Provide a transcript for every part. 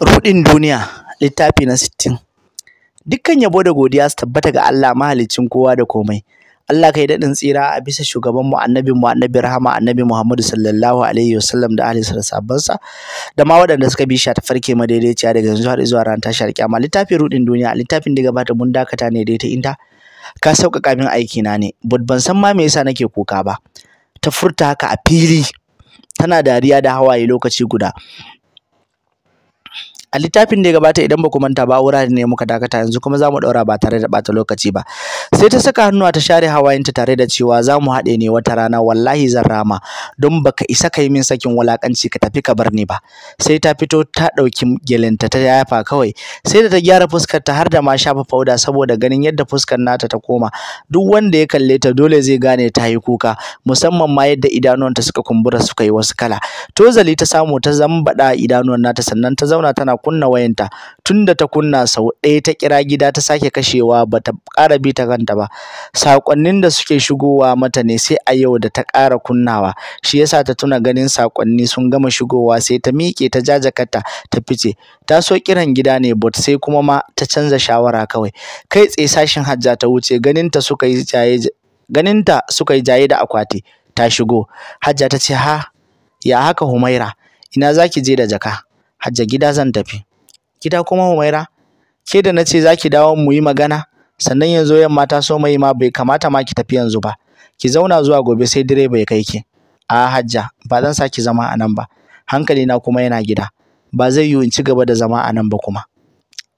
Ruɗin duniya littafi na sittin. Dukkan yabo da godiya su tabbata ga Allah mahaliccin kowa da komai. Allah kai daɗin tsira a bisa shugaban mu annabin mu annabi rahama annabi Muhammadu sallallahu alaihi wasallam da ahli da sabbansa da ma waɗanda suka bi shi ta farke ma daidaiciya daga yanzu har zuwa ran tashar kiyama littafin ruɗin duniya littafin da gabata mun dakata ne dai ta inda ka sauƙaƙa min aiki na ne but ban san ma me yasa nake kuka ba ta furta haka a fili tana dariya da hawaye lokaci guda a littafin da ya gabata idan ba ku manta ba wurare ne muka dakata yanzu kuma za mu ɗaura ba tare da ɓata lokaci ba sai ta saka hannuwa ta share hawayenta tare da cewa za mu haɗe ne wata rana wallahi zan rama don baka isa ka yi min sakin wulaƙanci ka tafi ka bar ni ba sai ta fito ta ɗauki gelinta ta yafa kawai sai da ta gyara fuskar ta har da ma shafa fauda saboda ganin yadda fuskar nata ta koma duk wanda ya kalle ta dole zai gane ta yi kuka musamman ma yadda idanuwanta suka kumbura suka yi wasu kala To zali ta samu ta zambaɗa idanuwan nata sannan ta zauna tana kunna wayanta tunda ta kunna sau ɗaya ta kira gida ta sake kashewa ba ta ƙara bi ta kanta ba Saƙonnin da suke shigowa mata ne sai a yau da ta ƙara kunnawa shi yasa ta tuna ganin sakonni sun gama shigowa sai ta miƙe ta jajakata ta fice ta so kiran gida ne but sai kuma ma ta canza shawara kawai kai tsaye sashin hajja ta wuce ganinta suka yi jaye ganinta suka yi jaye da akwati ta shigo hajja ta ce ha ya haka humaira ina zaki je da jaka Hajja gida zan tafi. Gida kuma Humaira? Ke da nace zaki dawo mu yi magana? Sannan yanzu yamma ta so mai ma bai kamata ma ki tafi yanzu ba. Ki zauna zuwa gobe sai direba ya kai ki. A Hajja, ba zan saki zama a nan ba. Hankali na kuma yana gida. Ba zai yiwu in ci gaba da zama a nan ba kuma.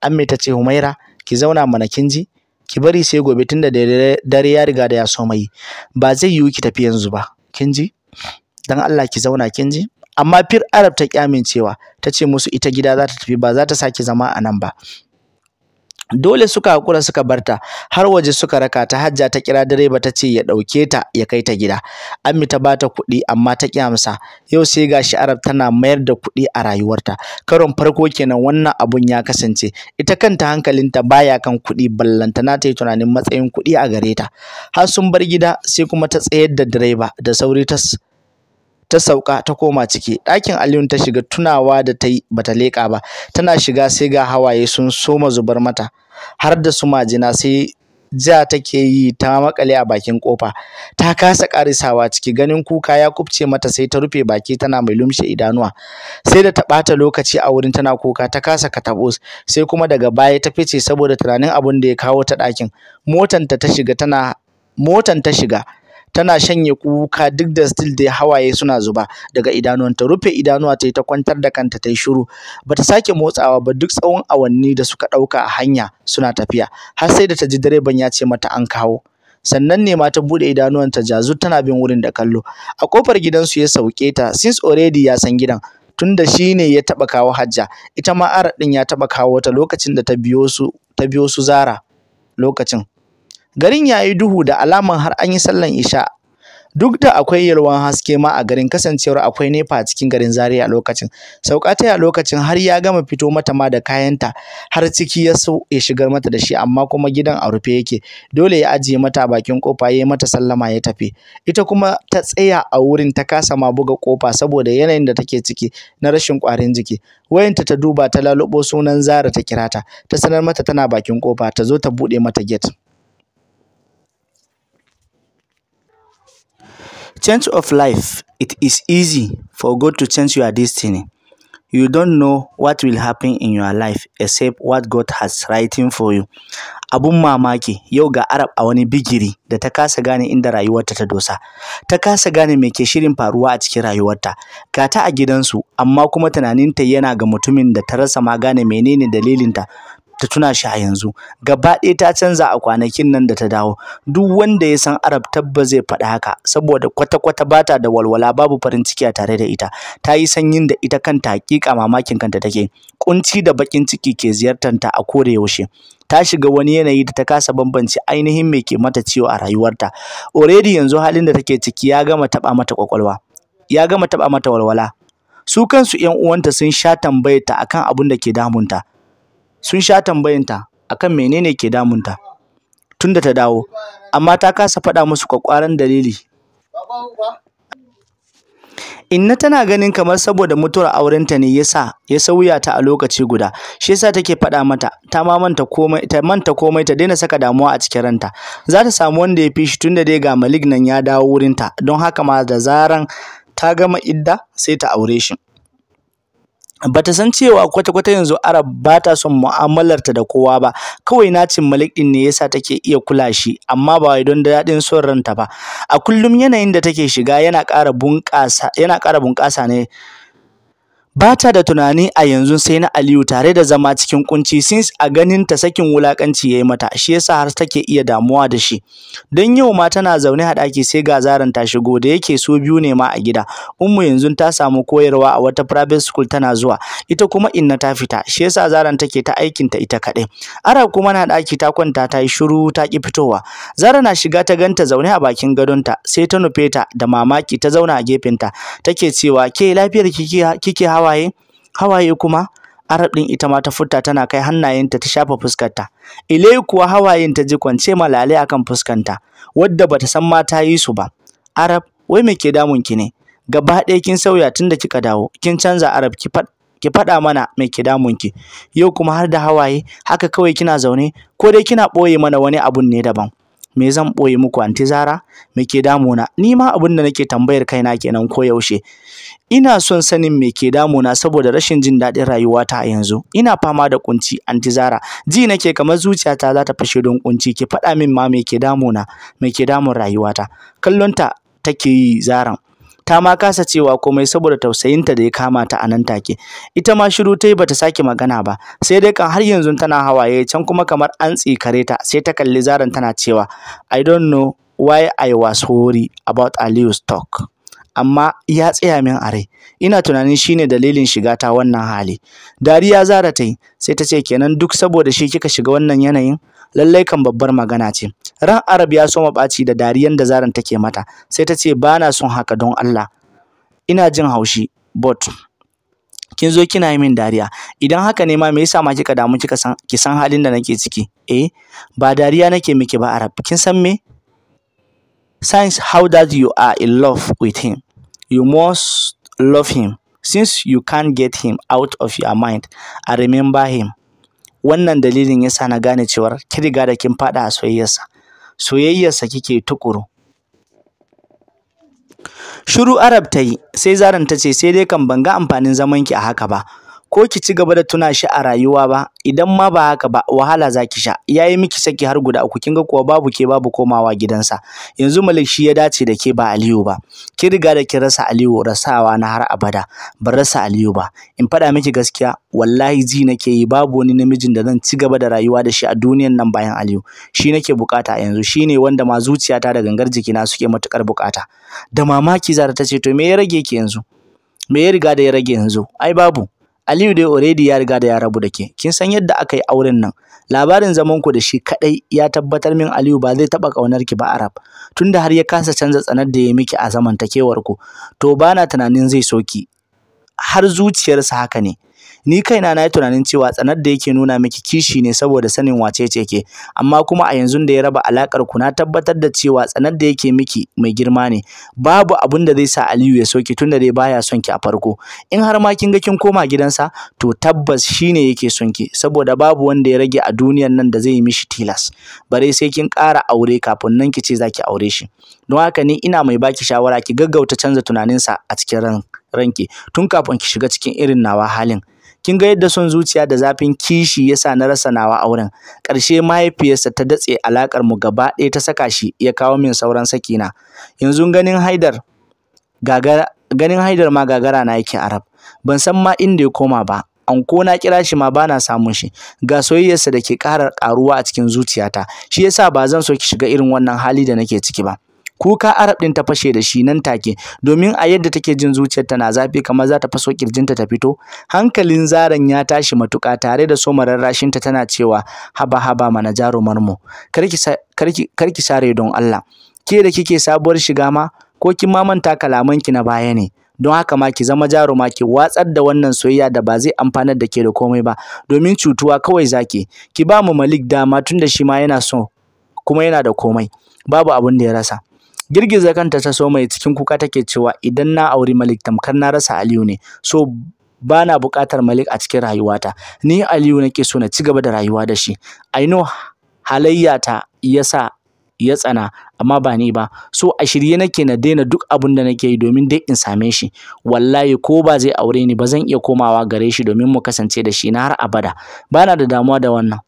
Amme ta ce Humaira, ki zauna mana kinji Ki bari sai gobe tunda dare ya riga da ya so mai. Ba zai yiwu ki tafi yanzu ba. Kin Dan Allah ki zauna kinji amma fir arab ta kyamincewa ta ce musu ita gida za ta tafi ba za ta sake zama a nan ba dole suka hakura suka barta har waje suka raka ta hajja ta kira direba ta ce ya dauke ta ya kai ta gida ammi ta bata kuɗi amma ta kyamsa yau sai gashi arab tana mayar da kuɗi a rayuwarta karon farko kenan wannan abun ya kasance ita kanta hankalinta baya kan kuɗi ballantana ta yi tunanin matsayin kuɗi a gare ta har sun bar gida sai kuma ta tsayar da direba da sauri ta ta sauka ta koma ciki ɗakin Aliyun ta shiga tunawa da ta yi bata leƙa ba tana shiga sai ga hawaye sun soma zubar mata har da su majina sai ja take yi ta makale a bakin kofa ta kasa karisawa ciki ganin kuka ya kubce mata sai ta rufe baki tana mai lumshe idanuwa sai da ta bata lokaci a wurin tana kuka ta kasa katabos sai kuma daga baya ta fice saboda tunanin abin da ya kawo ta ɗakin motan ta shiga tana motan ta shiga tana shanye kuka duk da still dai hawaye suna zuba daga idanuwanta rufe idanuwa ta yi ta kwantar da kanta ta yi shiru bata sake motsawa ba duk tsawon awanni da suka ɗauka a hanya suna tafiya har sai da ta ji direban ya ce mata an kawo sannan ne ma ta buɗe idanuwanta jazu tana bin wurin da kallo a kofar gidansu ya sauke ta since already ya san gidan tunda shi ne ya taba kawo hajja ita ma ara din ya taba kawo ta lokacin da ta biyo su ta biyo su zara lokacin Garin ya yi duhu da alaman har an yi sallan isha. Duk da akwai yalwan haske ma a garin kasancewar akwai nefa a cikin garin Zaria a lokacin. Sauka ta a lokacin har ya gama fito mata ma da kayanta har ciki ya so ya shigar mata da shi amma kuma gidan a rufe yake. Dole ya ajiye mata bakin kofa ya yi mata sallama ya tafi. Ita kuma ta tsaya a wurin ta kasa ma buga kofa saboda yanayin da take ciki na rashin kwarin jiki. Wayanta ta duba ta lalubo sunan Zara ta kira ta. Ta sanar mata tana bakin kofa ta zo ta bude mata gate. Change of life. It is easy for God to change your destiny. You don't know what will happen in your life except what God has writing for you. Abun mamaki yau ga Arab a wani bigiri da ta kasa gane inda rayuwarta ta dosa. Ta kasa gane me ke shirin faruwa a cikin rayuwarta. Ga ta a gidansu amma kuma tunaninta yana ga mutumin da ta rasa ma gane menene dalilinta ta tuna shi a yanzu gaba ɗaya ta canza a kwanakin nan da ta dawo duk wanda ya san Arab tabba zai faɗa haka saboda kwata kwata bata da walwala babu farin ciki a tare da ita ta yi sanyin da ita kanta hakika mamakin kanta take kunci da bakin ciki ke ziyartanta a kore yaushe ta shiga wani yanayi da ta kasa bambanci ainihin me ke mata ciwo a rayuwarta already yanzu halin da take ciki ya gama taba mata kwakwalwa ya gama taba mata walwala su kansu ƴan uwanta sun sha tambayeta akan abin da ke damunta sun sha tambayinta akan menene ke damunta tunda ta dawo amma ta kasa faɗa musu kwakwaran dalili Inna tana ganin kamar saboda mutuwar aurenta ne yasa ya sauya ta a lokaci guda. Shi yasa take faɗa mata ta ma manta komai ta manta komai ta daina saka damuwa a cikin ranta. Za ta samu wanda ya fi shi tunda dai ga Malik nan ya dawo wurinta don haka ma da zaran ta gama idda sai ta aure shi. bata san cewa kwata-kwata yanzu Arab ba ta son mu'amalarta da kowa ba kawai nacin Malik din ne yasa take iya kula shi amma ba wai don daɗin son ranta ba a kullum yanayin da take shiga yana ƙara bunƙasa yana ƙara bunƙasa ne bata da tunani a yanzu sai na Aliyu tare da zama cikin kunci since a ganin ta sakin wulakanci yayi mata shi yasa har take iya damuwa da shi. Don yau ma tana zaune a ɗaki sai ga zaran ta shigo da yake so biyu ne ma a gida. Ummu yanzu ta samu koyarwa a wata private school tana zuwa ita kuma inna ta fita shi yasa zaran take ta aikin ta ita kaɗai. Ara kuma na ɗaki ta kwanta ta yi shiru ta ki fitowa. Zara na shiga ta ganta zaune a bakin gadonta sai ta nufe ta da mamaki ta zauna a gefen ta take cewa ke lafiyar kike hawa hawaye hawaye kuma Arab ɗin ita ma ta furta tana kai hannayenta ta shafa fuskarta. Ilai kuwa hawayen ta ji kwance malale akan fuskanta, wadda bata san ma ta yi su ba. Arab, wai me ke damun ki ne? Gaba ɗaya kin sauya tunda kika dawo, kin canza Arab ki ki faɗa mana me ke damun ki. Yau kuma har da hawaye, haka kawai kina zaune, ko dai kina ɓoye mana wani abun ne daban. me zan ɓoye muku anti zara me ke damuna ni ma abin da nake tambayar kaina kenan ko yaushe ina son sanin me ke damuna saboda rashin jin daɗin rayuwata a yanzu ina fama da kunci anti zara ji nake kamar zuciyata za ta fashe don kunci ki faɗa min ma me ke damuna me ke damun rayuwata kallonta take yi zaran ta ma kasa cewa komai saboda tausayinta da ya kamata ta a nan take ita ma shiru ta yi bata sake magana ba sai dai kan har yanzu tana hawaye can kuma kamar an tsikare ta sai ta kalli zaran tana cewa i don't know why i was worried about Aliyu's talk amma ya tsaya min a rai ina tunanin shine dalilin shiga ta wannan hali dariya zara ta yi sai ta ce kenan duk saboda shi kika shiga wannan yanayin lallai kan babbar magana ce ran Arab ya soma ɓaci da dariyan da Zaran take mata sai ta ce ba na son haka don Allah ina jin haushi but kin zo kina yi min dariya idan haka ne ma me yasa ma kika damu kika san ki san halin da nake ciki eh ba dariya nake miki ba Arab kin san me Since how that you are in love with him you must love him since you can't get him out of your mind I remember him wannan dalilin yasa na gane cewar ki riga da kin fada a soyayyarsa soyayyarsa kike tukuru shiru arab ta sai zaran ta ce sai dai kan ban ga amfanin zamanki a haka ba ko ki ci gaba da tuna shi a rayuwa ba idan ma ba haka ba wahala za ki sha ya yi miki saki har guda uku kin ga kuwa babu ke babu komawa gidansa yanzu malik shi ya dace da ke ba aliyu ba ki riga da ki rasa aliyu rasawa na har abada ban rasa aliyu ba in faɗa miki gaskiya wallahi ji nake yi babu wani namijin da zan ci gaba da rayuwa da shi a duniyan nan bayan aliyu shi nake bukata yanzu shi ne wanda ma zuciyata da gangar jikina suke matukar bukata da mamaki zara ta ce to me ya rage ki yanzu me ya riga da ya rage yanzu ai babu Aliyu dai already ya riga da ya rabu da ke kin san yadda aka yi auren nan labarin zaman ku da shi kadai ya tabbatar min Aliyu ba zai taba kaunar ki ba Arab tunda har ya kasa canza tsanar da ya miki a zamantakewar ku to bana tunanin zai soki har zuciyarsa haka ne ni kaina na yi tunanin cewa tsanar da yake nuna miki kishi ne saboda sanin wace ce ke amma kuma a yanzu da ya raba alakar ku na tabbatar da cewa tsanar da yake miki mai girma ne babu abin da zai sa Aliyu ya soki tunda dai baya son ki a farko in har ma kin ga kin koma gidansa to tabbas shine yake son ki saboda babu wanda ya rage a duniyar nan da zai mishi tilas bare sai kin ƙara aure kafin nan ki ce za aure shi don haka ni ina mai baki shawara ki gaggauta canza tunaninsa a cikin ranki tun kafin ki shiga cikin irin nawa halin kin ga yadda son zuciya da zafin kishi yasa na rasa nawa a auren ƙarshe mahaifiyarsa ta datse alakar mu gaba ɗaya ta saka shi ya kawo min sauran sakina yanzu ganin haidar gagara ganin haidar ma gagara na yake arab ban san ma inda ya koma ba Anko na kira shi ma bana samun shi ga soyayyarsa da ke ƙara ƙaruwa a cikin zuciyata shi yasa ba zan so ki shiga irin wannan hali da nake ciki ba kuka Arab din ta fashe da shi nan take domin a yadda take jin zuciyarta na zafi kamar za ta faso kirjinta ta fito hankalin zaran ya tashi matuƙa tare da somarar ta tana cewa haba haba mana jarumar mu karki karki karki sare don Allah ke da kike sabuwar shiga ma ko kin ma manta kalaman ki na baya ne don haka ma ki zama jaruma ki watsar da wannan soyayya da ba zai amfanar da ke da komai ba domin cutuwa kawai zaki ki ba mu Malik dama tunda shi ma yana so kuma yana da komai babu abin da ya rasa girgiza kanta ta so mai cikin kuka take cewa idan na auri Malik tamkar na rasa Aliyu ne so bana na buƙatar Malik a cikin rayuwata ni Aliyu nake so na ci gaba da rayuwa da shi I know halayyata yasa ya tsana amma ba ni ba so a shirye nake na daina duk abin da nake yi domin dai in same shi wallahi ko ba zai aure ni ba zan iya komawa gare shi domin mu kasance da shi na har abada bana da damuwa da wannan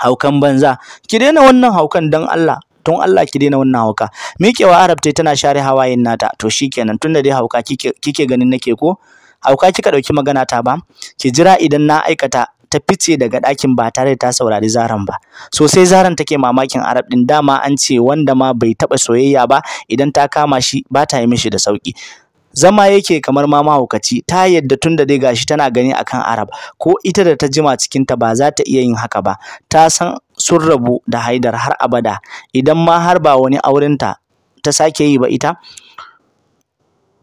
haukan banza ki daina wannan haukan dan Allah Tun Allah ki daina wannan hauka miƙewa Arab tana share hawayen nata to shikenan tunda dai hauka kike kike ganin nake ko hauka kika dauki magana ta ba ki jira idan na aikata ta fice daga ɗakin ba tare da ta saurari zaran ba sosai zaran take mamakin arab din dama an ce wanda ma bai taba soyayya ba idan ta kama shi ba ta yi mishi da sauki zama yake kamar ma mahaukaci ta yadda da dai gashi tana gani akan arab ko ita da ta jima cikinta ba za ta iya yin haka ba ta san sun rabu da Haidar har abada idan ma har ba wani aurenta ta sake yi ba ita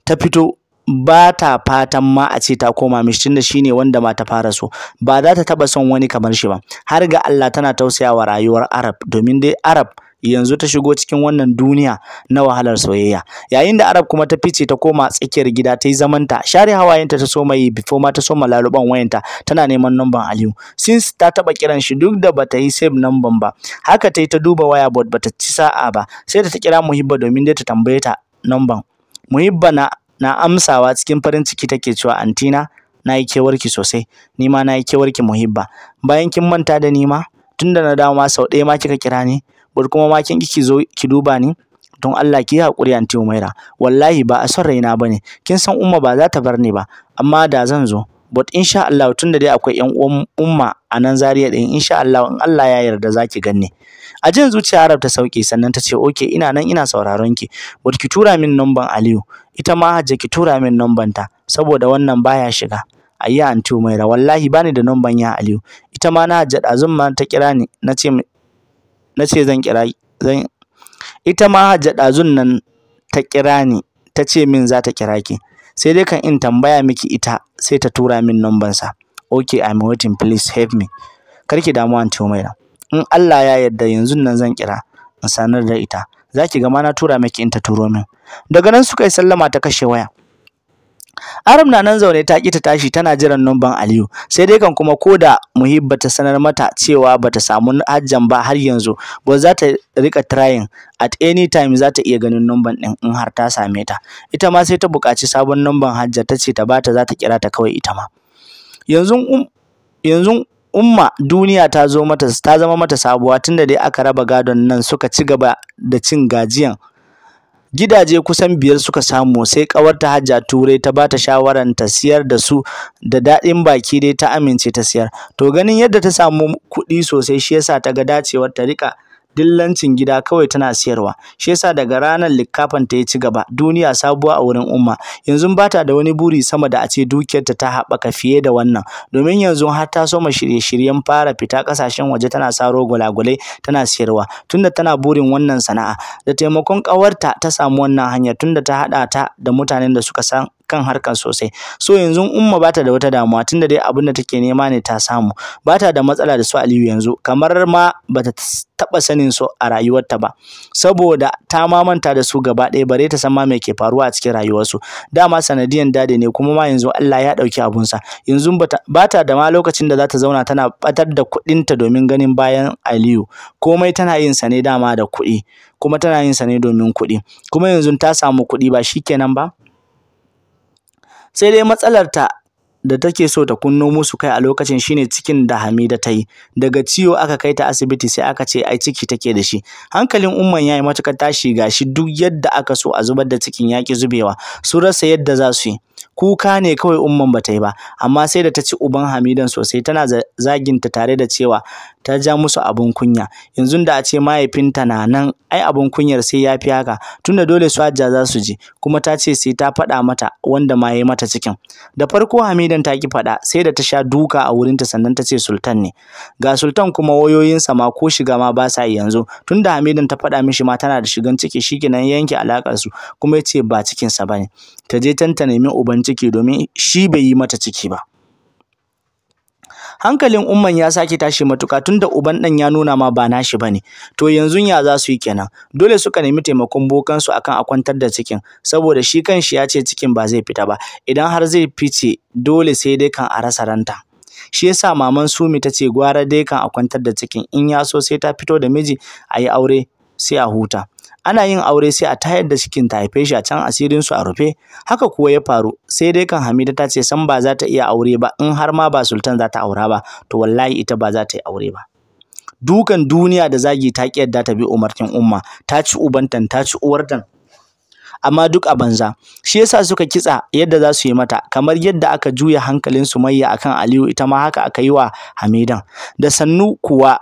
ta fito ba ta fatan ma a ce ta koma mishi tunda shine wanda ma ta fara so ba za ta taba son wani kamar shi ba har ga Allah tana tausayawa rayuwar Arab domin dai Arab yanzu ta shigo cikin wannan duniya na wahalar soyayya yayin da Arab kuma ta fice ta koma tsakiyar gida ta yi zaman ta share hawayenta ta soma yi before ma ta soma laluban wayanta tana neman number Aliyu since ta taba kiran shi duk da bata yi save number ba haka ta yi ta duba waya ba bata ci sa'a ba sai da ta kira Muhibba domin dai ta tambaye ta number Muhibba na na amsawa cikin farin ciki take cewa antina na yi kewarki sosai ni ma na yi kewarki muhibba bayan kin manta da ni ma tunda na dawo ma sau ɗaya ma kika kira ni bari kuma ma kin ki zo ki duba ni don Allah ki an anti Umaira wallahi ba a son raina bane kin san umma ba za ta bar ni ba amma da zan zo but insha Allah da dai akwai 'yan uwan umma a nan Zaria din insha Allah in Allah ya yarda zaki ganni a jin zuciya Arab ta sauke sannan ta ce okay ina nan ina sauraron ki but ki tura min number Aliyu ita ma Hajja ki tura min number ta saboda wannan baya shiga ayya anti Umaira wallahi bani da numban ya Aliyu ita ma na Hajja azumma ta kira ni nace na ce zan kira zan ita ma Hajja nan ta kira ni ta ce min za ta kira ki sai dai kan in tambaya miki ita sai ta tura min numban sa okay i'm waiting please help me kar damu anti Umaira in Allah ya yarda yanzu nan zan kira in sanar da ita zaki ga ma na tura miki in ta turo min daga nan suka yi sallama ta kashe waya Aram na nan zaune ta ƙi ta tashi tana jiran numban Aliyu sai dai kan kuma koda Muhibba ta sanar mata cewa bata samu hajjan ba har yanzu ba za ta rika trying at any time za ta iya ganin numban din in har ta same ta ita ma sai ta buƙaci sabon numban hajja ta ce ta bata za ta kira ta kawai ita ma yanzu um, yanzu umma duniya ta zo mata ta zama mata sabuwa tunda dai aka raba gadon nan suka ci gaba da cin gajiyan Gidaje kusan biyar suka samu, sai ƙawarta Hajja Turai ta bata ta shawarar ta siyar da su da daɗin baki dai ta amince ta siyar. To ganin yadda ta samu kuɗi sosai shi yasa ta ga dacewar ta riƙa dillancin gida kawai tana siyarwa shi yasa daga ranar likafan ta ya ci gaba duniya sabuwa a wurin umma yanzu ba ta da wani buri sama da a ce dukiyarta ta haɓaka fiye da wannan domin yanzu har ta soma shirye-shiryen fara fita ƙasashen waje tana saro gulagulai tana siyarwa tunda tana burin wannan sana'a da taimakon ƙawarta ta samu wannan hanya tunda ta haɗa ta da mutanen da suka san kan harkan sosai so yanzu umma bata da wata damuwa tunda dai abin da take nema ne ta samu bata da matsala da su Aliyu yanzu kamar ma bata taɓa sanin su a rayuwarta ba saboda ta mamanta da su gaba ɗaya bare ta san ma me ke faruwa a cikin rayuwarsu dama sanadiyan dade ne kuma ma yanzu Allah ya dauki abun sa yanzu bata da ma lokacin da za ta zauna tana batar da ta domin ganin bayan Aliyu komai tana yin sa ne dama da kuɗi kuma tana yin sa ne domin kuɗi kuma yanzu ta samu kuɗi ba shikenan ba sai dai matsalarta da take so ta kunno musu kai a lokacin shine cikin da Hamida ta yi daga ciwo aka kai ta asibiti sai aka ce ai ciki take da shi hankalin umman yayi matukar tashi gashi duk yadda aka so a zubar da cikin yaki zubewa su rasa yadda za su yi kuka ne kawai umman ba ta yi ba amma sai da ta ci uban hamidan sosai tana zaginta tare da cewa ta ja musu abun kunya yanzu da a ce mahaifinta na nan ai abun kunyar sai ya fi haka tunda dole su hajja za su je kuma ta ce sai ta faɗa mata wanda ma ya yi mata cikin da farko hamidan ta ki faɗa sai da ta sha duka a wurinta sannan ta ce sultan ne ga sultan kuma wayoyinsa ma ko shiga ma ba sa yi yanzu tunda hamidan ta faɗa mishi ma tana da shigan ciki shikenan yanke alakar su kuma ya ce ba cikinsa ba ne ta je tanta ta nemi uban ciki domin shi bai yi mata ciki ba hankalin umman ya sake tashi matuka tunda uban ɗan ya nuna ma ba nashi bane to yanzu ya za su yi kenan dole suka nemi taimakon bokan su akan a kwantar da cikin saboda shi kan shi ya ce cikin ba zai fita ba idan har zai fice dole sai dai kan a rasa ranta shi yasa maman Sumi ta ce gwara dai kan a kwantar da cikin in ya so sai ta fito da miji a yi aure sai a huta ana yin aure sai a tayar da cikin ta haife shi a can asirin su a rufe haka kuwa ya faru sai dai kan Hamida ta ce san ba za ta iya aure ba in har ma ba sultan za ta aura ba to wallahi ita ba za ta yi aure ba dukan duniya da zagi ta ki yadda ta bi umarkin umma ta ci ubantan ta ci uwartan amma duk a banza shi yasa suka kitsa yadda za su yi mata kamar yadda aka juya hankalin Sumayya akan Aliyu ita ma haka aka yi wa Hamidan da sannu kuwa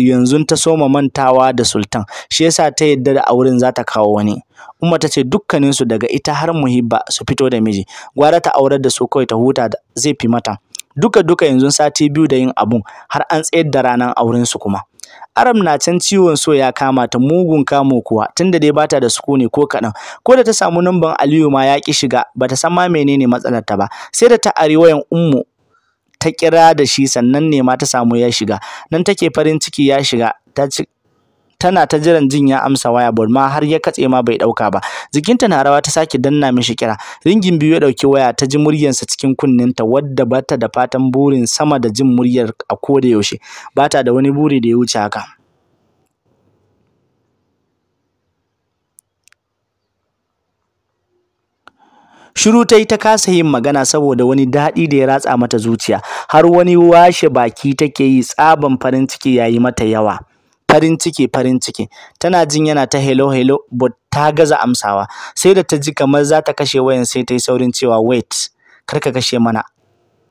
yanzu ta soma mantawa da sultan shi yasa ta yadda da auren za ta kawo wani umma ta ce dukkanin su daga ita har muhibba su fito da miji gwara ta aurar da su kawai ta huta zai fi mata duka duka yanzu sati biyu da yin abun har an tsayar da ranar auren su kuma Aram na can ciwon so ya kama ta mugun kamo kuwa tunda dai bata da ne ko kaɗan. Ko da ta samu namban Aliyu ma ya ki shiga bata san ma menene matsalar ta ba. Sai da ta ari wayan Ummu ta kira da shi sannan ne ma ta samu ya shiga nan take farin ciki ya shiga ta tana ta jiran jin ya amsa waya but ma har ya katse ma bai dauka ba jikinta na rawa ta sake danna mishi kira ringin biyu ya dauki waya ta ji muryarsa cikin kunnen ta, wadda bata da fatan burin sama da jin muryar a koda yaushe bata da wani buri da ya wuce haka Shiru ta yi ta kasa yin magana saboda wani daɗi da ya ratsa mata zuciya, har wani washe baki take yi tsaban farin ciki ya yi mata yawa. Farin ciki farin ciki, tana jin yana ta hello hello but ta gaza amsawa, sai da ta ji kamar za ta kashe wayan sai ta yi saurin cewa wait, kar ka kashe mana,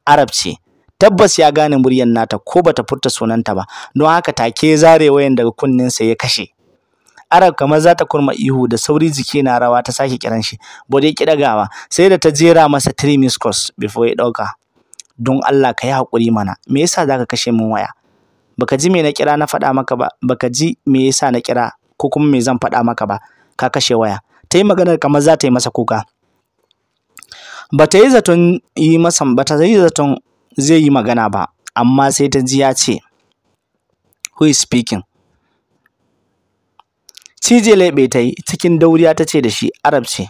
Arab ce. Tabbas ya gane muryar nata ko bata furta sunanta ba, don haka take zare wayan daga sa ya kashe. Arab kamar za ta kurma ihu da sauri jiki na rawa ta sake kiran shi. Bode ya ki dagawa sai da ta jera masa three miss before ya dauka. Don Allah ka yi hakuri mana. Me yasa zaka kashe min waya? Baka ji me na kira na faɗa maka ba. Baka ji me yasa na kira ko kuma me zan faɗa maka ba. Ka kashe waya. Ta yi maganar kamar za ta yi masa kuka. Ba ta yi zaton yi masa ba ta yi zaton zai yi magana ba amma sai ta ji ya ce who is speaking cije leɓe ta yi cikin dauriya ta ce da shi arab ce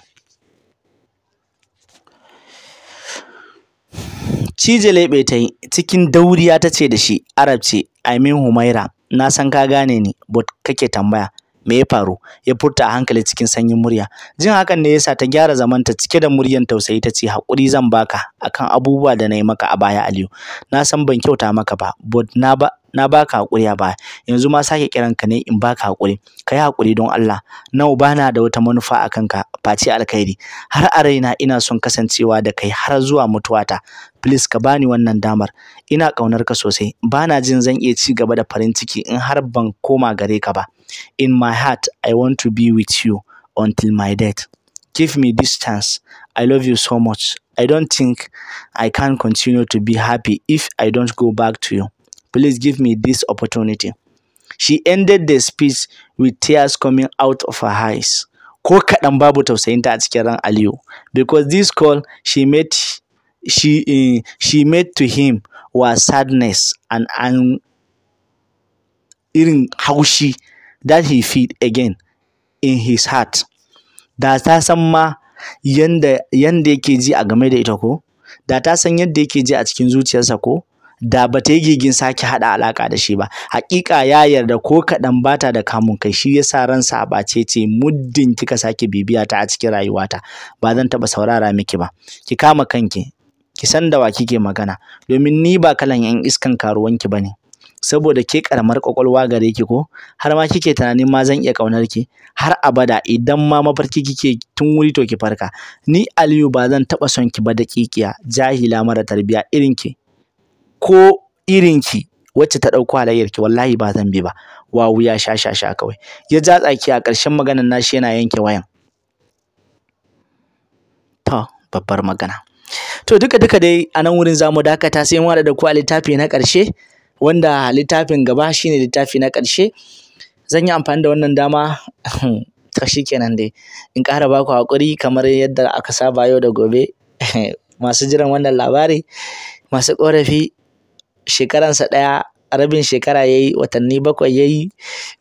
cije leɓe ta yi cikin dauriya ta ce da shi arab i humaira na san ka gane ni but kake tambaya me ya faru ya furta a hankali cikin sanyin murya jin hakan ne yasa ta gyara zamanta cike da muryan tausayi ta ce haƙuri zan baka akan abubuwa da na yi maka a baya Aliyu na san ban kyauta maka ba but na ba na baka hakuri a baya yanzu ma sake kiran ka ne in baka hakuri kai hakuri don Allah nawa bana da wata manufa akan ka face alkhairi har a raina ina son kasancewa da kai har zuwa mutuwata please ka bani wannan damar ina ƙaunarka ka sosai bana jin zan iya ci gaba da farin ciki in har ban koma gare ka ba in my heart i want to be with you until my death give me this chance i love you so much i don't think i can continue to be happy if i don't go back to you please give me this opportunity she ended the speech with tears coming out of her eyes ko kaɗan babu tausayinta a cikin ran Aliyu because this call she made she, eh, she made to him was sadness and, and irin haushi that he feed again in his heart. Da ta san ma yanda, yanda yake ji a game da ita ko? Da ta san yadda yake ji a cikin zuciyarsa ko? Da ba ta yi gigin sake haɗa alaƙa da shi ba. Haƙiƙa ya yarda ko kaɗan ba ta da kamun kai shi ya sa ransa a ɓace ce muddin kika sake bibiya ta a cikin rayuwata ba zan taɓa saurara miki ba. Ki kama kanki ki san da wa kike magana domin ni ba kalan yan iskan karuwan karuwanki bane saboda ke karamar kwakwalwa gare ki ko har ma kike tunanin ma zan iya kaunar ki har abada idan ma mafarki kike tun wuri to ki farka ni Aliyu ba zan taba son ki ba daƙiƙiya jahila mara tarbiya irin ki ko irin ki wacce ta dauko halayyar ki wallahi ba zan bi ba wawu ya sha sha sha kawai ya ja tsaki a ƙarshen maganar nashi yana yanke wayan to babbar magana to duka duka dai a nan wurin zamu dakata sai mu da ku a littafi na ƙarshe wanda littafin gaba shine littafi na ƙarshe zan yi amfani da wannan dama to shikenan dai in ƙara baku haƙuri kamar yadda aka saba yau da gobe masu jiran wannan labari masu ƙorafi shekaransa ɗaya rabin shekara yayi, watanni bakwai yayi.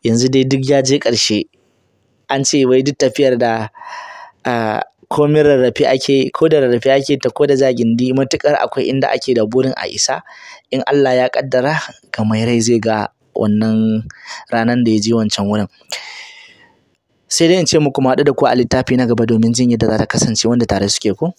yanzu dai duk ya je ƙarshe an ce wai duk tafiyar da ah, komin rarrafe ake ko da rarrafe ake ta ko da zagindi, matukar matuƙar akwai inda ake da burin a isa in Allah ya ƙaddara rai zai ga wannan ranar da ya je wancan wurin. Sai dai in ce muku ma haɗu da ku a littafi na gaba domin jin yadda za ta kasance wanda tare suke ku.